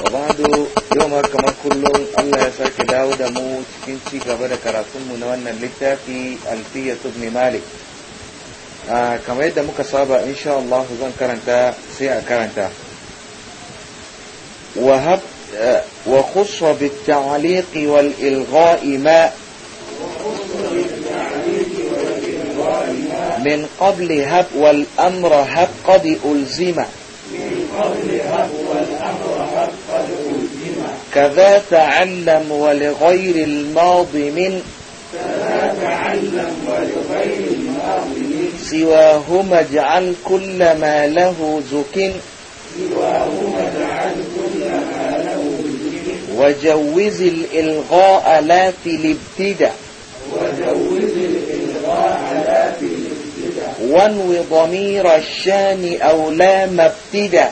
wabadu yau ma kamar kullum Allah ya sake dawo da mu cikin ci gaba da karatunmu na wannan littafi alfiya ibn malik kamar yadda muka saba insha Allah zan karanta sai a karanta وهب وخص بالتعليق والإلغاء ما من قبل هب والأمر هب قد ألزم من قبل كذا تعلم ولغير الماضي من سواهما اجعل كل ما له زك وجوز الإلغاء لا في الابتداء وجوز لا وانو ضمير الشان أو لا مبتدأ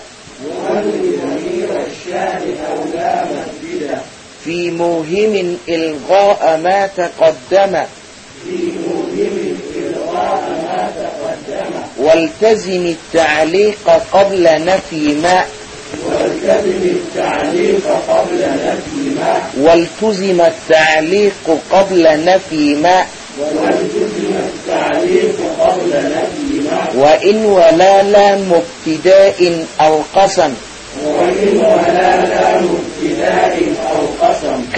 وانو ضمير الشان في موهم إلغاء ما تقدم والتزم التعليق قبل نفي ما والتزم التعليق قبل نفي ما والتزم التعليق قبل نفي ما والتزم التعليق قبل نفي ما وإن ولا لام ابتداء أو قسم وإن ولا لام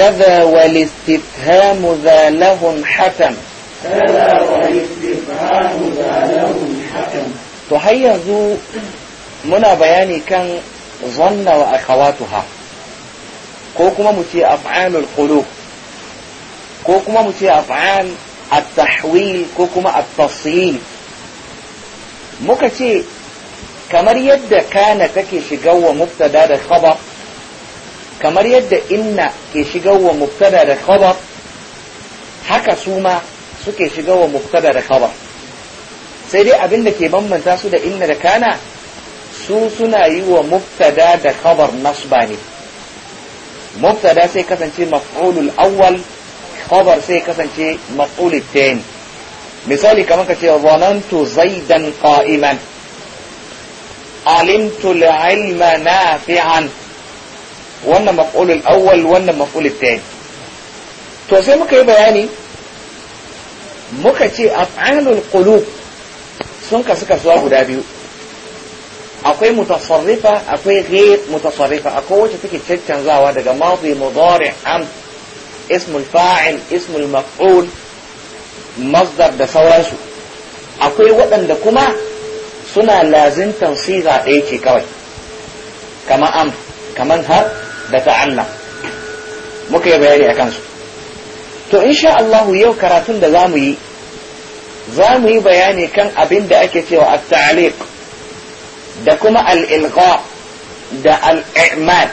كذا والاستفهام ذا لهم حكم كذا والاستفهام ذا حكم to har yanzu muna bayani kan zanna wa akhawatuha ko kuma mu ce af'alul qulub ko kuma mu ce af'al at-tahwil ko kuma at-tafsil muka ce kamar yadda kana take shiga wa mubtada da khabar kamar yadda inna ke shiga wa mubtada da khabar haka su ma suke shiga wa mubtada da khabar sai dai abin da ke bambanta su da inna da kana su suna yi wa muftada da khabar nasba ne mubtada sai kasance maf'ulul awwal khabar sai kasance maf'ulul thani misali kamar ka ce zanantu zaidan qa'iman alimtu al-ilma nafi'an wannan maf'ulul awwal wannan maf'ulul thani to sai muka yi bayani muka ce af'alul qulub sun kasu kasuwa guda biyu akwai mutasarrifa akwai ghair mutasarrifa akwai wacce take cancanzawa daga madi mudari am ismul fa'il ismul maf'ul masdar da sauransu akwai waɗanda kuma suna lazimtan siga ɗaya ce kawai kamar am kamar har da ta'allam muka yi bayani a kansu to insha yau karatun da za mu yi za mu yi bayani kan abin da ake cewa at-ta'liq da kuma al-ilqa da al-i'mal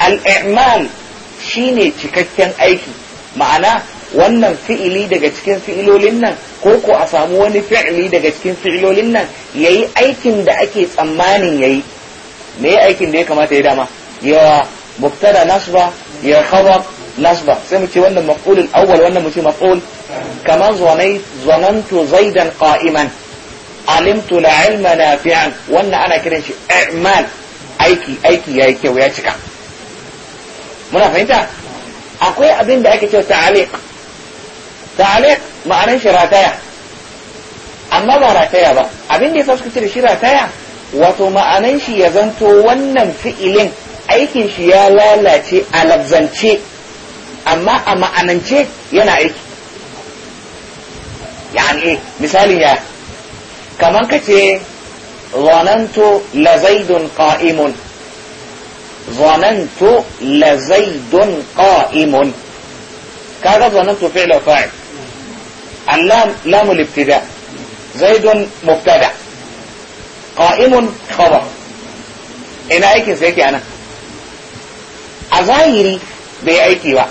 al-i'mal shine cikakken aiki ma'ana wannan fi'ili daga cikin fi'ilolin nan ko ko a samu wani fi'ili daga cikin fi'ilolin nan yayi aikin da ake tsammanin yayi me aikin da ya kamata ya dama ya mubtada nasba ya khabar nasba sai mu ce wannan maf'ul awwal wannan mu ce maf'ul kama zanai zanantu zaidan qa'iman alimtu la ilma nafi'an wannan ana kiran shi i'mal aiki aiki ya yi kyau ya cika muna fahimta akwai abin da ake cewa ta'aliq ta'aliq ma'anar shi rataya amma ba rataya ba abin da yasa suka ce da shi rataya wato ma'anan shi ya zanto wannan fi'ilin aikin shi ya lalace a labzance amma a ma'anance yana aiki yani misalin ya kamar ka ce la zonanto lazaidun qa'imun zonanto lazaidun qa'imun kaga zonanto fi'l fa'il allam lamul ibtida zaidun mubtada' qa'imun khabar ina aikin sa yake anan a zahiri bai aiki ba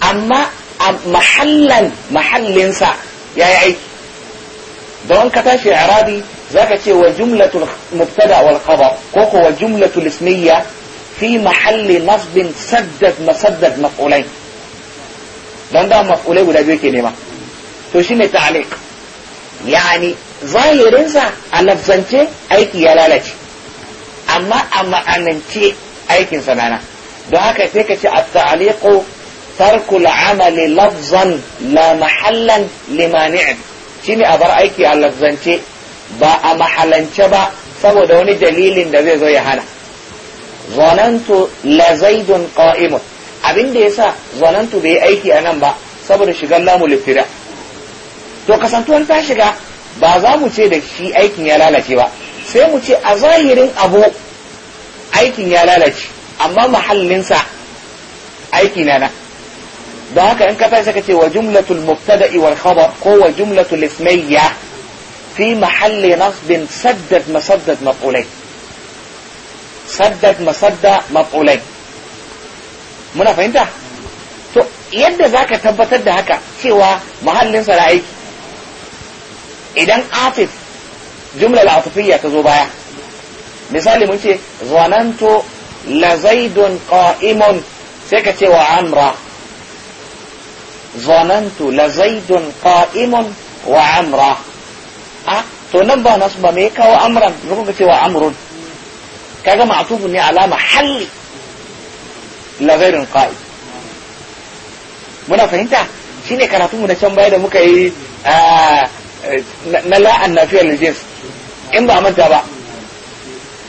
amma a mahallan mahallinsa ya yi aiki don ka tashi arabi zaka ce wa jumlatul mubtada wal khabar ko kuwa wa jumlatul ismiyya fi mahalli nasbin saddad masaddad maf'ulain dan da maf'ulai guda biyu ke nema to shine ta'liq yani zahirinsa a lafzance aiki ya lalace amma a ma'anance aikin sanana don haka sai ka ce a ta'aliqu tarku al'amali lafzan la mahallan limani'in shine a bar aiki a lafzance ba a mahalance ba saboda wani dalilin da zai zo ya hana zonantu la zaidun qa'imun abin da yasa zonantu bai aiki a nan ba saboda shiga lamu to kasantuwan ta shiga ba za mu ce da shi aikin ya lalace ba sai mu ce a zahirin abu aikin ya lalace amma mahallinsa aiki na na da haka in ka tashi ka ce wa jumlatul mubtada'i wal khabar ko wa jumlatul ismiyya fi mahalli nasbin saddad masaddad maf'ulai saddad masadda maf'ulai muna fahimta to yadda zaka tabbatar da haka cewa mahallinsa da aiki idan atif jumlar atufiyya ta zo baya misali mun ce zananto la zaidun qa'imun sai ka ce wa amra zananto la zaidun qa'imun wa amra a to nan ba nasu ba me kawo amran zuku ka ce wa amrun gama ma'tufun ne alama halli la zaidun qa'im muna fahimta shine karatu mu na can baya da muka yi ah, na la'an nafiyar lijins in ba manta ba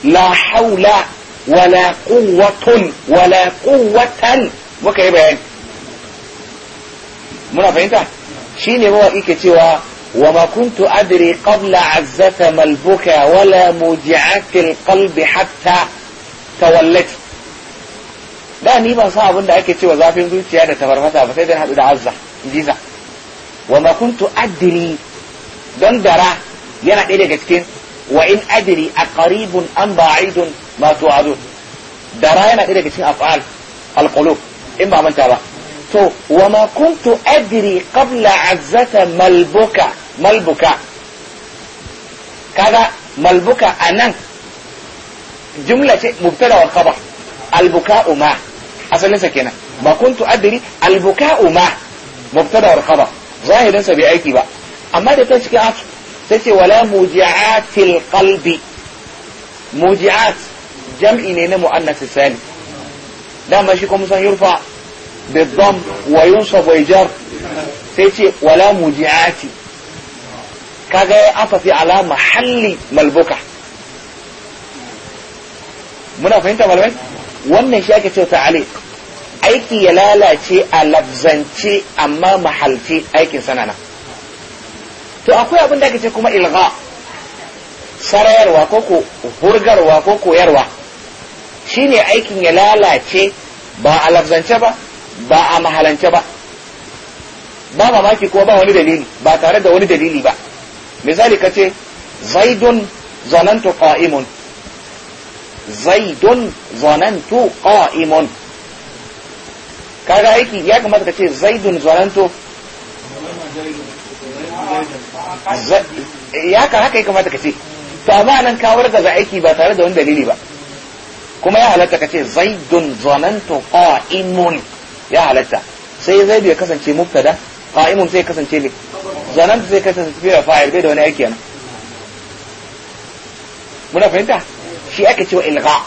la haula wala quwwatun wala quwwatan muka yi bayani muna fahimta shine mawaƙi ke cewa wa ma kuntu adri qabla azzata malbuka wala muji'ati alqalbi hatta tawallat da ni ban san abin da ake cewa zafin zuciya da tabarfasa ba sai dai hadu da azza jiza wa ma kuntu adri don dara yana ɗaya daga cikin wa in adiri a qaribun an ba'idun ma tu'adun dara yana ɗaya daga cikin af'al alqulub in ba manta ba to wa ma kuntu adiri qabla azzata malbuka malbuka kaga malbuka anan jumla ce mubtada wa khabar albuka'u ma asalin sa kenan ma kuntu adiri albuka'u ma mubtada wa khabar zahirin sa bai aiki ba amma da ta cikin asu ta ce wala muji'atil qalbi muji'at jam'i ne na mu'annas sani dama shi kuma san yurfa da dam wa yunsab wa jar sai ce wala muji'ati kaga ya afa fi ala mahalli malbuka muna fahimta malamai wannan shi ake cewa ta'aliq aiki ya lalace a lafzance amma mahalci aikin sanana to akwai abin da ce kuma ilga sarayarwa ko ko hurgarwa ko koyarwa shine aikin ya lalace ba a lafzance ba ba a mahalance ba ba mamaki kuma ba wani dalili ba tare da wani dalili ba misali kace zaidun zanantu qa'imun zaidun zanantu qa'imun kaga aiki ya kamata kace zaidun zanantu ya eh, ka haka ya kamata ka ce to a nan ka za aiki ba tare da wani dalili ba kuma ya halatta ka ce zaidun zonanto qa'imun ya halatta sai zaidu ya kasance mubtada qa'imun sai ya kasance ne zonanto sai kasance fi'il fa'il bai da wani aiki yana muna fahimta shi ake cewa ilgha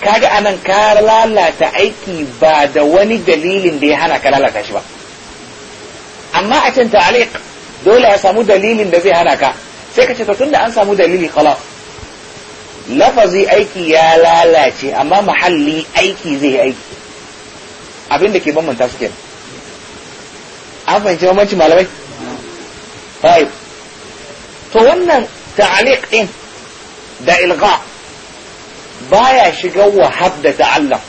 kaga anan ka lalata aiki ba da wani dalilin da ya hana ka lalata shi ba amma a can ta'aliq dole ya samu dalilin da zai hana ka sai ka ce to tunda an samu dalili khalas lafazi aiki ya lalace amma mahalli aiki zai aiki abinda ke bambanta su an fahimci bambancin malamai طيب to wannan ta'aliq din da ilga baya shiga wahab da ta'allam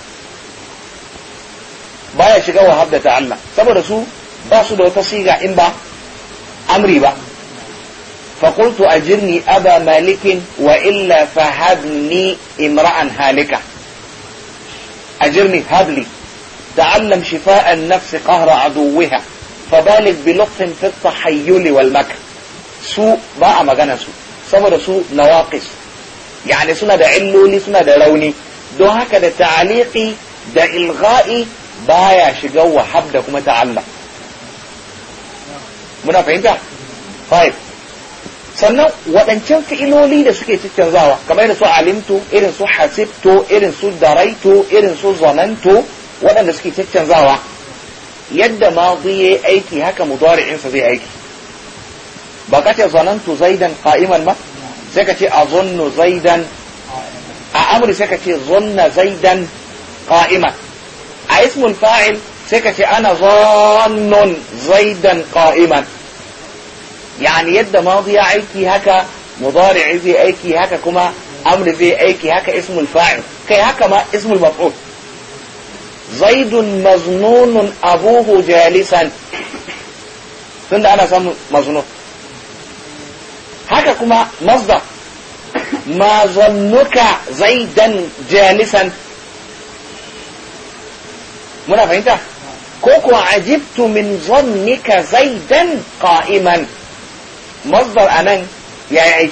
baya shiga wahab da ta'allam saboda su ba su da wata siga in ba amri ba. Fakultu a jirni aba malikin wa illa fahadni imra'an halika. A jirni habli, ta’allam shifa’an nafsi ƙahra a duwiha, fa balik bi lukfin fitta Su ba a magana su, saboda su nawaqis yani suna da illoli suna da rauni, don haka da ta'aliki da ilga'i ba ya shiga wa habda kuma ta ta’allam. muna fahimta five sannan waɗancan fi'iloli da suke canzawa kamar irin su alimtu irin su hasibto irin su daraitu irin su zananto waɗanda suke canzawa yadda madi ya aiki haka mudari'insa zai aiki ba ka ce zanantu zaidan qa'iman ma sai ka ce azunnu zaidan a amri sai ka ce zonna zaidan qa'iman a ismul fa'il sai ka ce ana zannun zaidan qa'iman yani yadda madi ya aiki haka mudari'i zai aiki haka kuma amr zai aiki haka ismul fa'il kai haka ma ismul maf'ul zaidun maznunun abuhu jalisan tunda ana samun maznun haka kuma masdar ما ظنك زيدا جالسا منافع انت ko كوكو عجبت من ظنك زيدا قائما مصدر أمان يا aiki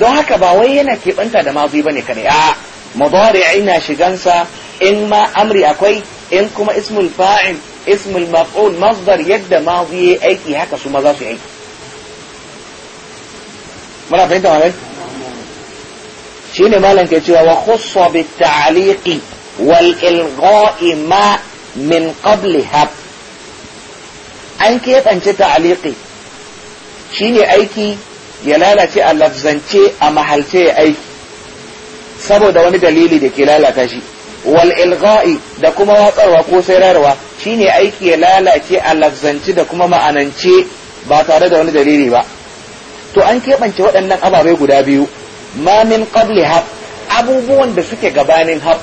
don haka ba wai yana keɓanta da mazi bane ne kane a mudari na shigansa in ma amri akwai in kuma ismul fa'il ismul maf'ul masdar yadda mazi ya aiki haka su maza su aiki muna fahimta ma shine malam ke cewa wa khussa bit ta'liqi wal ilgha'i ma min qabli hab an keɓance ta'aliki shine aiki ya lalace a lafzance a mahalce ya aiki saboda wani dalili da ke lalata shi wal ilga'i da kuma watsarwa ko sairarwa shine aiki ya lalace a lafzance da kuma ma'anance ba tare da wani dalili ba to an keɓance waɗannan ababai guda biyu ma min qabli hab abubuwan da suke gabanin hab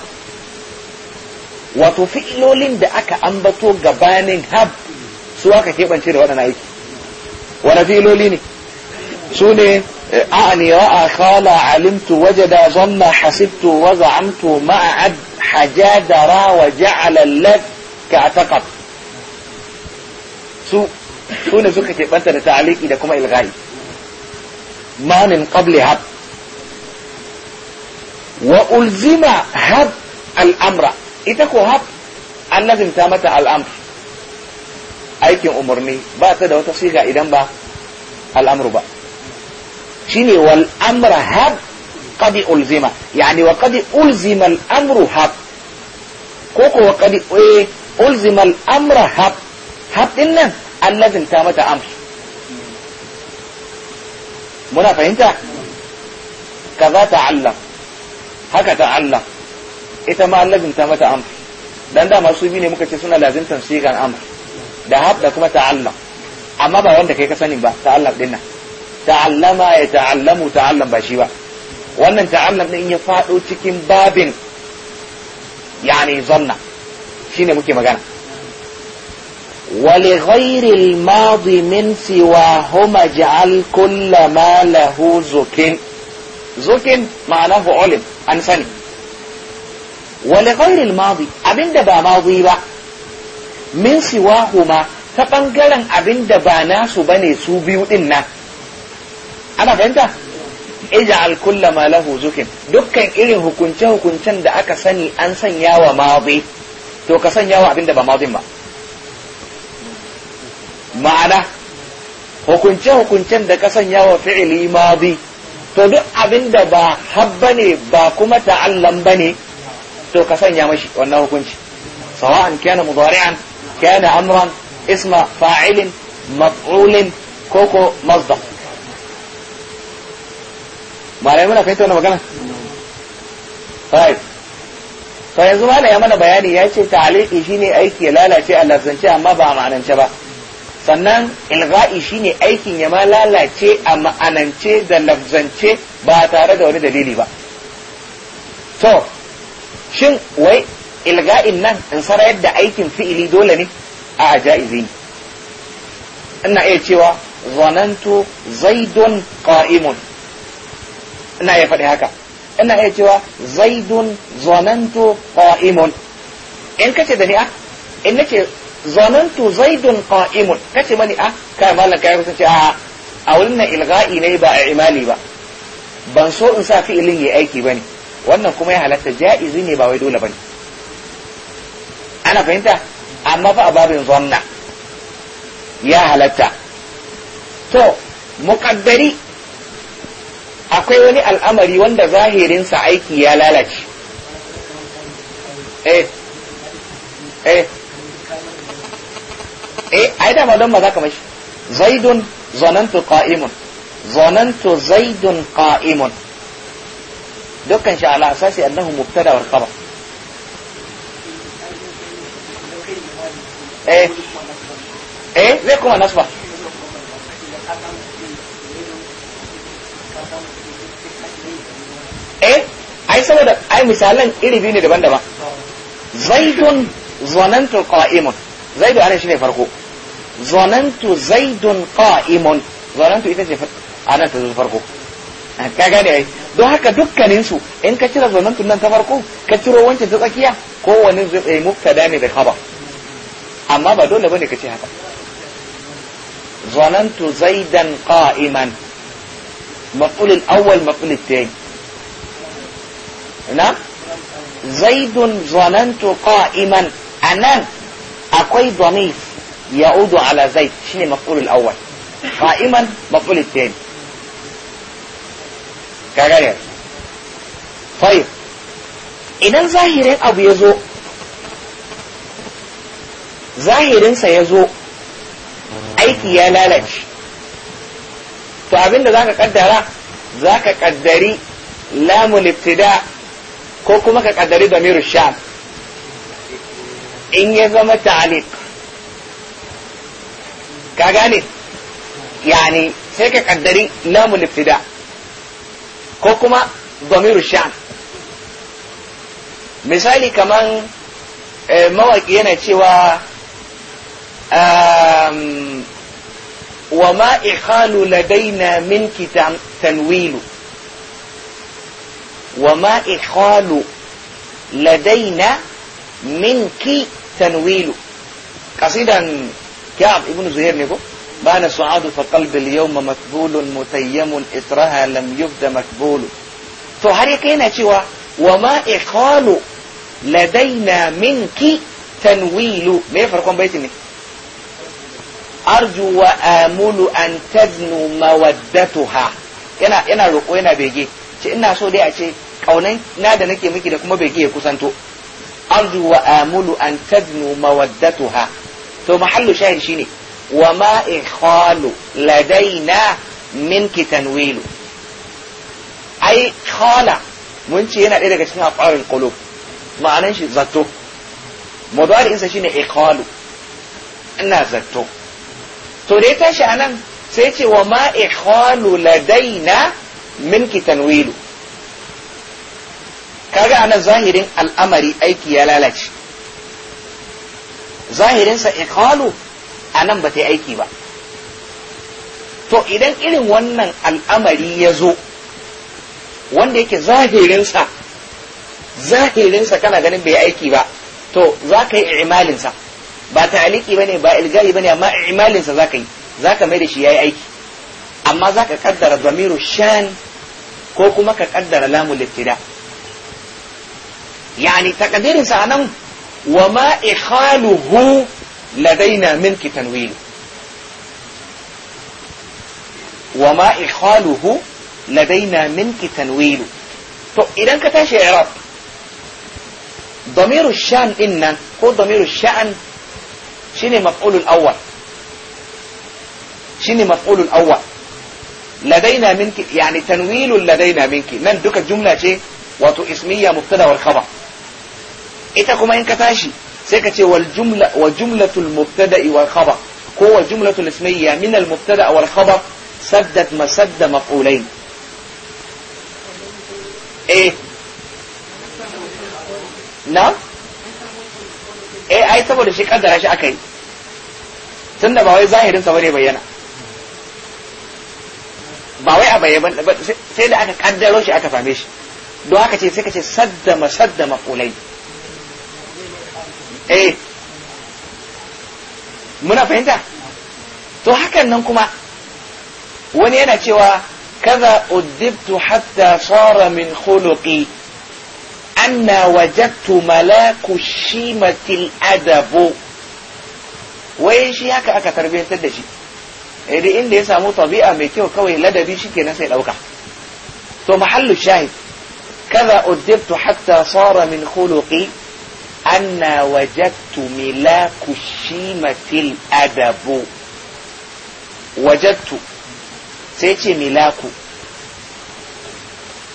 wato fi'ilolin da aka ambato gabanin hab su aka keɓance da waɗannan aiki wani fi'iloli ne su ne eh, a'ani ra'a khala alimtu wajada zanna hasibtu wa za'amtu ma'ad hajadara wa ja'ala lak ka ataqat su su ne suka keɓanta da ta'aliki da kuma ilghai ma qabli hab wa ulzima hab al'amra ita ko haf an nazimta mata al'amr aikin umarni ba ta da wata siga idan ba al'amru ba shine wal amra hab qad ulzima yani wa qad ulzima amru hab ko ko wa qad eh, ulzima amra hab hab nan an nazimta mata amr muna fahimta kaza ta'allam haka allah. ita ma ta mata amr dan da masu bi ne muka ce suna lazimtan sigan amr da hab da kuma ta'allam amma ba wanda kai ka sani ba ta'allam dinna ta ta'allama ya ta'allamu ta'allam ba shi ba wannan ta'allam din ya fado cikin babin yani zanna shine muke magana ولغير الماضي من سواهما جعل كل ما له زكين زكين معناه علم an sani wale ghairil madi abinda ba madi ba min siwahuma ta bangaren abinda ba nasu bane su biyu din nan ana fahimta al kulla ma lahu zukin dukkan irin hukunce hukuncen da aka sani an sanya wa madi to ka sanya wa abinda ba madi ba ma'ana hukunce hukuncen da ka sanya wa fi'ili madi to duk abinda ba habba ne ba kuma ta'allan bane ne to ka sanya mashi wannan hukunci sawa'an kana mudari'an kana amran isma fa'ilin maf'ulin koko masdar malai muna kai wannan magana طيب to yanzu ma ya mana bayani ya ce ta'aliki shine aiki ya lalace a lafzance amma ba a ma'anance ba sannan ilga'i shine aikin ya ma lalace a ma'anance da lafzance ba tare da wani dalili ba to shin wai ilga'in nan in sarayar da aikin fi'ili dole ne a ajaizi ina iya cewa zanantu zaidun qa'imun ina iya faɗi haka ina iya cewa zaidun zanantu qa'imun in kace da ni a ah, in nace zanantu zaidun qa'imun kace mani a ah, kai mallan kai kusa ce a a wurin ilga'i ne ba a imali ba ban so in sa fi'ilin yayi aiki bane wannan kuma ya halatta ja'izi ne ba wai dole bane ana fahimta amma fa a babin zanna ya halatta to muƙaddari akwai wani al'amari wanda zahirinsa aiki ya lalace eh eh eh ai da malon maza kamar shi zaidun zonantu qa'imun zonantu zaidun qa'imun dukkan shi ala asasi annahu mubtada wal khabar eh eh zai kuma nasba eh ai saboda ai misalan iri biyu ne daban-daban zaidun zonantu qa'imun zaidu anan shine farko zonantu zaidun qa'imun zonantu ita ce anan ta farko ka gane ai don haka dukkaninsu in ka cire zonan tunan ta farko ka ciro wancan ta tsakiya kowane zai mubtada ne da kaba amma ba dole bane ka ce haka zanantu zaidan qa'iman maf'ul awwal na zaidun qa'iman anan akwai dhamir يعود على زيد شنو مفعول gagare gane idan zahirin abu ya zo zahirinsa ya zo aiki ya lalace to abinda za ka kaddara za ka kaddari lamun ibtida ko kuma ka kaddari damiru sham in ya zama ta'aliq ka gane yani sai ka kaddari lamun ibtida ko kuma domiru sha'an misali kaman eh, mawaƙi yana cewa ehm, wa ma ikhalu ladaina minki tanwilu wa ma ikhalu ladaina minki tanwilu ƙasidan kyab ibn zuhair ne ko بان سعاد فقلب اليوم مكبول متيم إثرها لم يبد مكبول فهر يكينا شوى وما إقال لدينا منك تنويل ما يفرقون بيتني أرجو وآمل أن تدنو مودتها yana Ina roƙo yana bege ce ina so dai a ce ƙaunan na da nake miki da kuma bege ya kusanto arju wa amulu an tadnu mawaddatuha to mahallu shahid shine وما إدخال لدينا منك تنويل أي خالة mun ce yana ɗaya daga cikin af'alul qulub ma'anan shi zato mudari insa shine iqalu ina zato to dai ya tashi anan sai ce wa ma iqalu ladaina kaga anan zahirin al'amari aiki ya lalace zahirinsa iqalu a nan ba ta yi aiki ba to idan irin wannan al'amari ya zo wanda yake zahirinsa zahirinsa kana ganin bai aiki ba to za ka yi imalinsa ba ta bane ba ba bane amma imalinsa za ka yi za ka mai da shi ya yi aiki amma za ka kaddara zamiru shan ko kuma ka kaddara lamu Littida. yani takadirinsa a nan wa ma ikhaluhu لدينا منك تنويل وما إخاله لدينا منك تنويل تو إذا كتاش إعراب ضمير الشأن إن هو ضمير الشأن شنو مفعول الأول شنو مفعول الأول لدينا منك يعني تنويل لدينا منك من نعم، دوك الجملة شيء وتو اسمية مبتدا والخبر إتكما إن كتاشي sai ka ce jumla wa jumlatul mubtada'i wal khabar ko wa jumlatul ismiyya min al mubtada' wal khabar saddat masadda maf'ulain eh na eh ai saboda shi kaddara shi akai tunda ba wai zahirin sa bane bayyana ba wai a bayyana sai da aka kaddaro shi aka same shi don haka ce sai ka ce sadda masadda maf'ulain eh muna fahimta to hakan nan kuma wani yana cewa kaza uddibtu hatta sara min khuluqi anna wajadtu malaku shimatil adabu wai shi haka aka tarbiyantar da shi eh, da inda ya samu tabi'a mai kyau kawai ladabi shi kenan sai ɗauka to mahallu shahid kaza uddibtu hatta sara min khuluqi anna wajattu milaku shimatil adabu wajattu sai ce milaku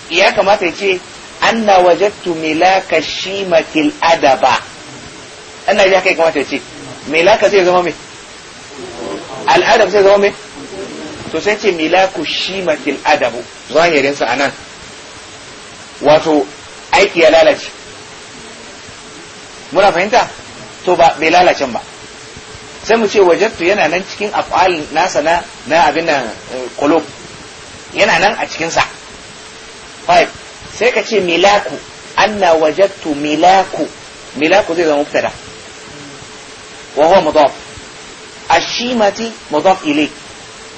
ya kamata ya ce anna wajattu milaka shimatil adaba anna ya kamata ya ce milaka zai zama mai al'adab zai zama mai to sai ce milaku shimatil adabu zahirinsa a nan wato aiki ya lalace muna fahimta to ba bai lalace ba sai mu ce wajattu yana nan cikin af'al nasa na na abin nan eh, qulub yana nan a cikin sa five sai ka ce milaku anna wajattu milaku milaku zai zama mubtada wa huwa mudaf ashimati mudaf ilay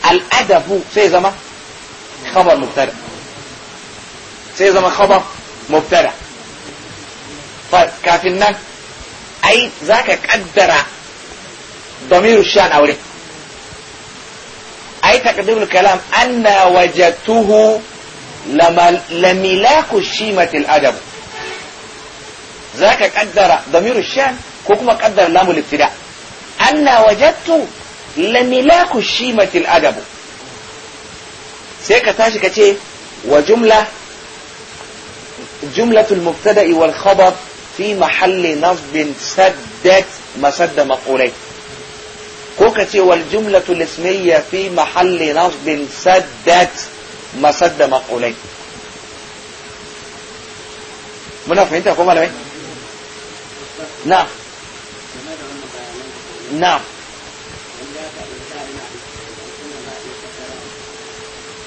al-adabu sai zama khabar mubtada sai zama khabar mubtada kafin nan ai za ka kaddara damiru shan a wurin ai takdirul kalam anna wajadtuhu lamilaku shimatil adab za ka kaddara damiru shan ko kuma kaddara lamul ibtida anna wajadtu lamilaku shimatil adab sai ka tashi ka ce wa jumla jumlatul mubtada'i wal khabar في محل نصب سدت مسد مقولين كوكتي والجملة الاسمية في محل نصب سدت مسد مقولين muna fahimta ko malamai نعم نعم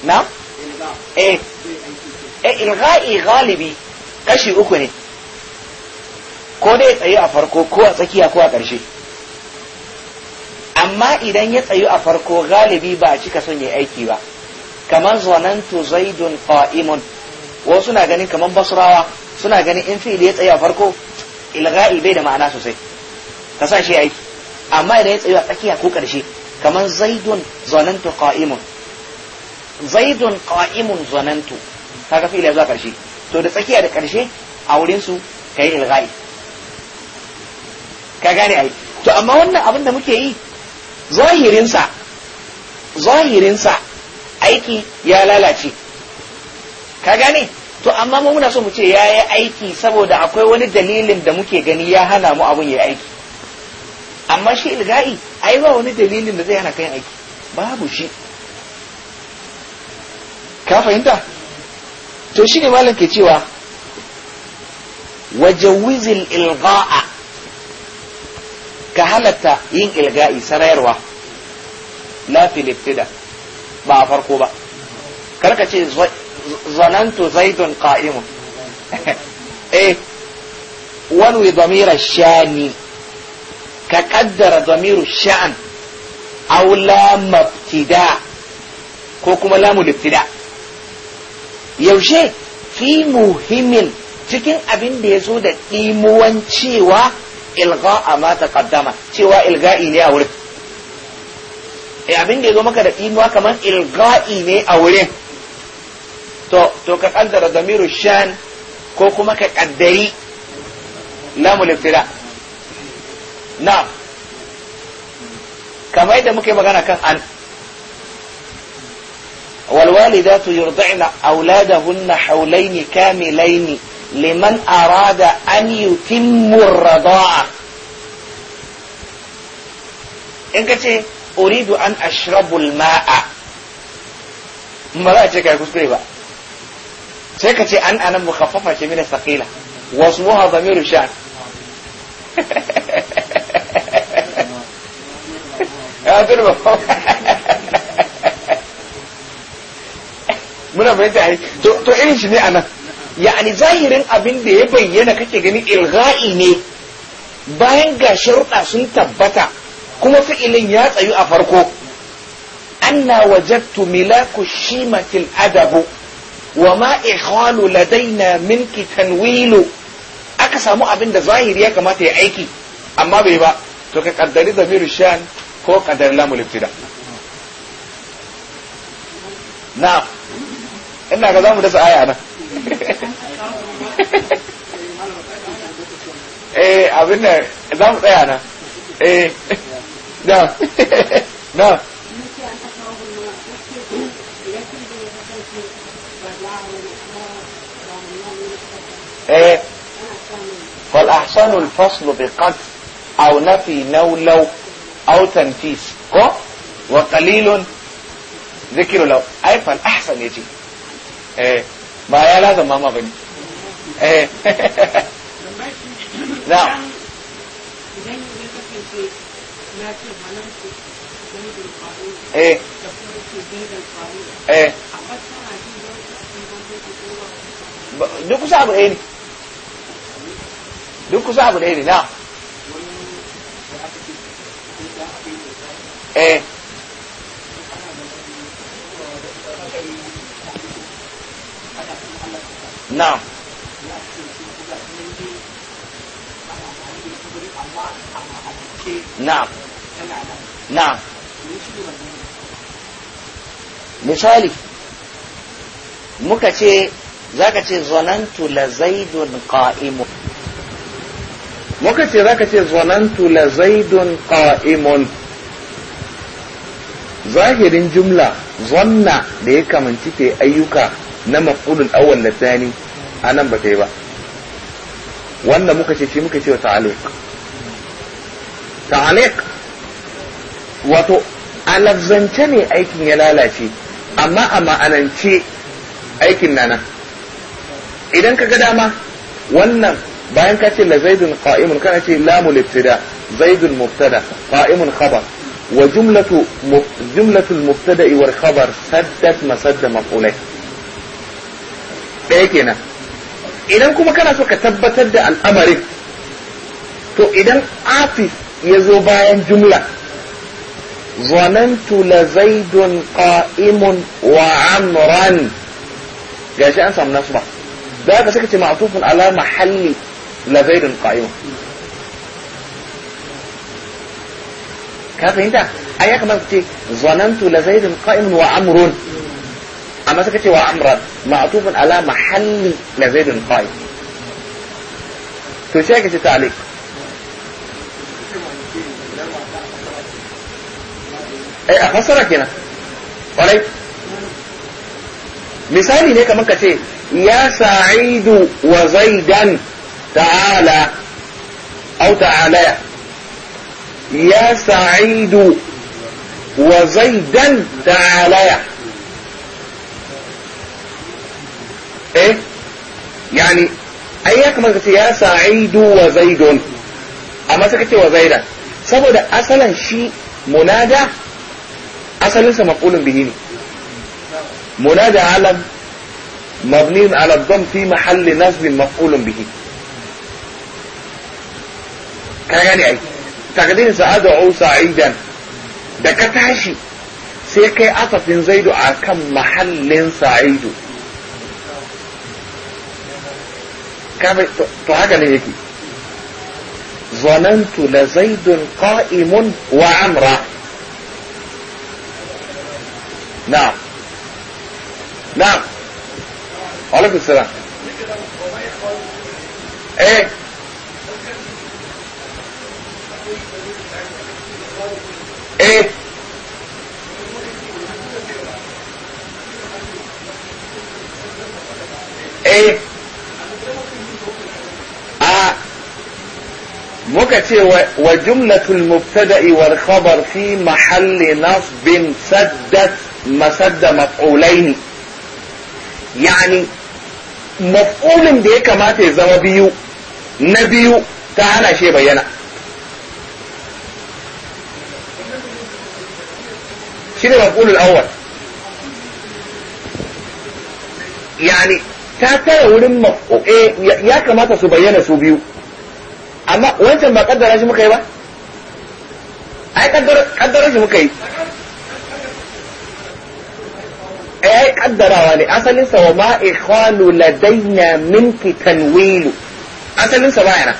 نعم ايه ايه ilga'i galibi kashi uku ko dai ya tsayu a farko ko a tsakiya ko a ƙarshe amma idan ya tsayu a farko galibi ba a cika son ya aiki ba kamar zonantu zaidun fa'imun wasu na ganin kamar basurawa suna ganin in da ya tsayu a farko ilga'i bai da ma'ana sosai ka sa shi aiki amma idan ya tsayu a tsakiya ko ƙarshe kamar zaidun zonantu qa'imun zaidun qa'imun zonantu kaga fi'il ya zuwa ƙarshe to da tsakiya da ƙarshe a wurin su kai ilga'i ka gane ai to amma wannan abin da muke yi zahirinsa zahirinsa aiki ya lalace ka gane to amma mu muna so mu ce yayi aiki saboda akwai wani dalilin da muke gani ya hana mu abun ya aiki amma shi ilga'i ai ba wani dalilin da zai hana kai aiki babu shi ka fahimta to shine ne malam ke cewa wajawizil ilga'a ka halatta yin ilga'i sarayarwa la filibtida ba a farko ba karka ce zanantu zaidun ka'imu. eh wani damira shani ka kaddara damiru sha'an aw lam ko kuma lamu ibtida yaushe fi muhimmin cikin abin da ya zo da ɗimuwan cewa ilga ilgha ma taqaddama cewa ilga'i ne a wurin eh abin da yazo maka da inuwa kaman ilga'i ne a wurin to to ka kaddara damiru shan ko kuma ka kaddari lamul ibtida na kamar yadda muke magana kan an والوالدات يرضعن أولادهن حولين كاملين لمن أراد أن يتم الرضاعة إنك تي أريد أن أشرب الماء مرأة أتكى كسكري بقى سيكا تي أن أنا مخففة من الثقيلة واسمها ضمير الشأن muna fahimta a to تو تو إيش a ya'ani zahirin abin da ya bayyana kake gani ilgha'i ne bayan ga sharuɗa sun tabbata kuma fi'ilin ya tsayu a farko anna wajadtu milaku shimatil adabu wa ma ihwalu ladaina minki tanwilu aka samu abin da zahiri ya kamata ya aiki amma bai ba to ka kaddari zamiru shan ko kaddar lamu ibtida na ina ga zamu dasa aya nan eh abin nan za tsaya na eh na na ايه فالاحسن الفصل بقدر او نفي نو لو او تنفيس كو وقليل ذكر لو اي فالاحسن يجي ايه ba ya lazan mama bane. ne eh. na eh eh duk kusa abu ɗaya ne duk kusa abu ɗaya ne na eh na'am na'am misali muka ce za ka ce zonantu la zaidun qa'imun muka ce za ka ce zonantu la zaidun qa'imun zahirin jumla zonna da ya kamanci ta ayyuka na maf'ulul awwal da tsani a nan ba ta yi ba wanda muka ce shi muka ce Ta ta'aliq wato a ne aikin ya lalace amma a ma'anance aikin na nan idan ka ga dama wannan bayan ka ce la zaidun qa'imun kana ce lamul ibtida zaidun mubtada qa'imun khabar wa jumlatu jumlatul mubtada wal khabar saddat masadda maf'ulai ɗaya kenan idan kuma kana so ka tabbatar da al'amarin to idan afis ya zo bayan jumla zonantu la zaidun qa'imun wa amran gashi an samu nasu ba da haka suka ce ma'atufun ala mahalli la zaidun qa'imun ka fahimta ai ya kamata ce zonantu la zaidun qa'imun wa amrun amma suka ce wa amran ma'tufun ala mahalli la zaidun qa'id to sai ake ce ta'alik ai a fasara kenan kwarai misali ne kamar ka ce ya sa'idu wa zaidan ta'ala au ta'ala ya sa'idu wa zaidan ta'ala E, yani ai ya kamata ce ya sa'idu wa zaidun amma suka wa zaida saboda asalan shi munada asalinsa maqulun bihi ne munada alam مبني على الضم في محل نصب مفعول به كان يعني اي تقدير سأدعو سعيدا da ka tashi sai kai asafin zaidu a kan mahallin sa'idu كامل تو حاجه ليكي ظننت لزيد قائم وعمرا نعم نعم عليكم السلام ايه ايه ايه muka ce wa jumlatul mubtada'i wal khabar fi mahalli nasbin saddat masadda maf'ulain yani maf'ulin da ya kamata ya zama biyu na biyu ta hana shi bayyana shi ne maf'ulul awwal yani ta tara wurin maf'u ya kamata su bayyana su biyu amma wancan ba kaddara shi muka yi ba ai kaddara shi muka yi ai ai kaddarawa ne asalin sa wa ma ikhwanu ladayna minki tanwilu asalin sa ba yana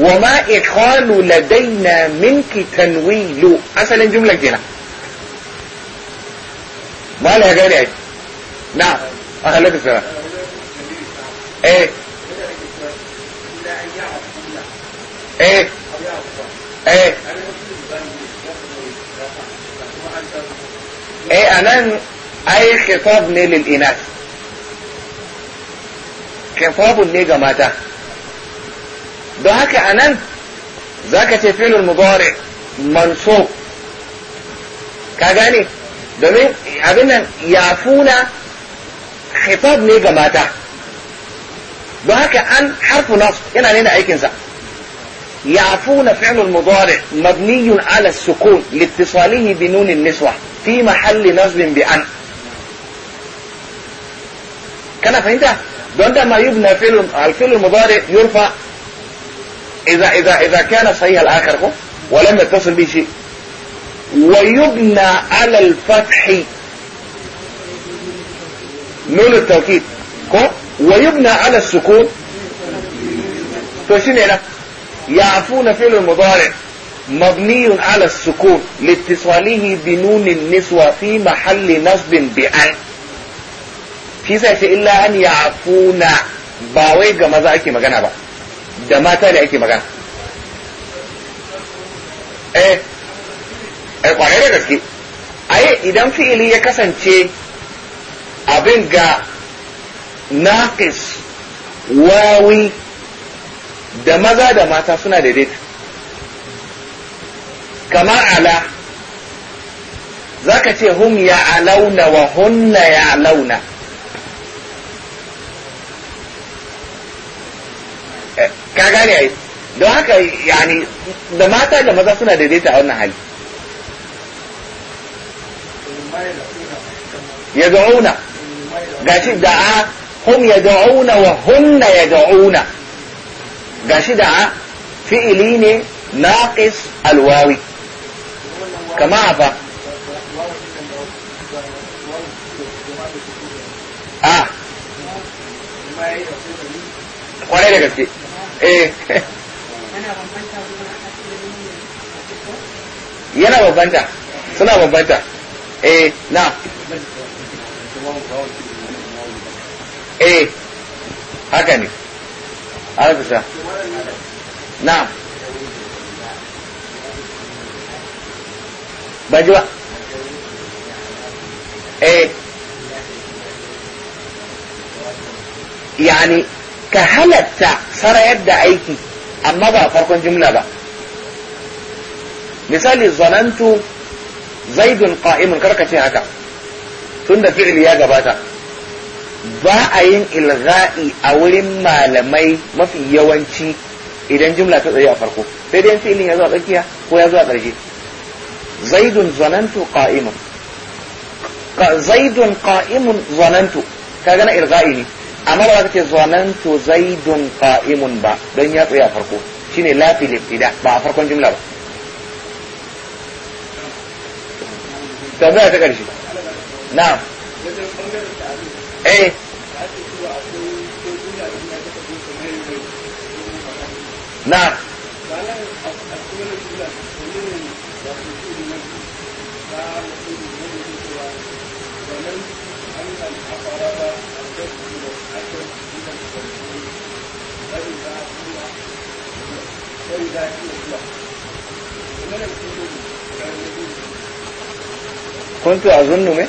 wa ma ikhwanu ladayna minki tanwilu asalin jumla kenan ما لا غير نعم أهلا بك ايه eh eh eh anan ai khitab ne lil inas khitabun ne ga mata don haka anan zaka ce filul mudari mansub ka gane domin abin nan yafuna khitab ne ga mata don haka an harfu nas yana nuna aikinsa aikin sa يعفون فعل المضارع مبني على السكون لاتصاله بنون النسوة في محل نصب بأن كان فهمتها؟ دون عندما يبنى فعل الفعل المضارع يرفع إذا إذا إذا كان صحيح الآخر ولم يتصل به شيء ويبنى على الفتح نون التوكيد ويبنى على السكون توشين هنا يعفون فعل المضارع مبني على السكون لاتصاله بنون النسوة في محل نصب بأن shi sai ce illa an yafuna ba wai ga maza ake magana ba da mata ne ake magana eh eh kwarai da gaske ai idan fi'ili ya kasance abin ga naqis wawi da maza da mata suna daidaita kama ala za ka ce hum ya alauna wa hunna ya alauna eh, ka gane ai don haka yani da mata da maza suna daidaita a wannan hali ya da'una gashi da'a hum ya da'una wa hunna ya da'una gashi da fi'ili ne naqis alwawi kama fa a ah. kwarai da gaske eh yana bambanta suna bambanta eh na eh haka ne alaikum salam na'am eh yani ka halatta fara da aiki amma ba farkon jumla ba misali zanantu zaidun qa'imun karka ce haka tunda fi'il ya gabata ba a yin ilga'i a wurin malamai mafi yawanci idan jumla ta tsaye a farko sai dai filin ya zo tsakiya ko ya zuwa ƙarshe zaidun zanantu qa'imun zaidun qa'imun zanantu kaga na ilga'i ne amma ba kace ka zanantu zaidun qa'imun ba don ya tsaye a farko shine la fil ibtida ba a farkon jumla ba tambaya ta ƙarshe na'am eh na كنت أظن من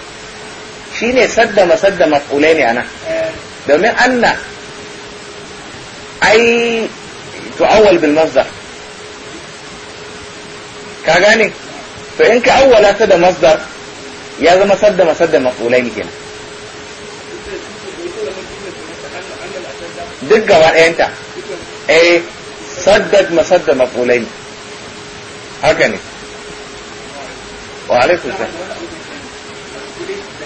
shi ne sadda masadda maf'ulai ne ana domin anna ai tu'awwal bil mazdar ka gane to in ka awwala ta da mazdar ya zama sadda masadda maf'ulai ne kenan duk gaba ɗayanta eh saddad masadda maf'ulai haka ne wa alaikum salam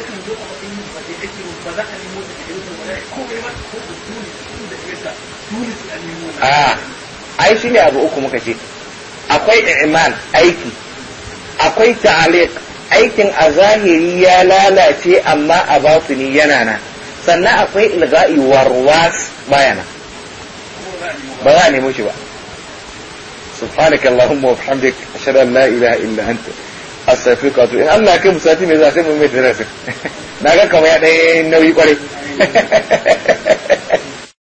takan ah, a matsayin ai shi ne abu uku muka ce akwai iman aiki akwai ta'aliq aikin a zahiri ya lalace amma a batuni yana na sannan akwai ilga'i warwas bayana ba za a nemo shi ba سبحانك asafiqatu in Allah kai musati mai za sai mu mai darasin na ga kamar ya dai nauyi kwarai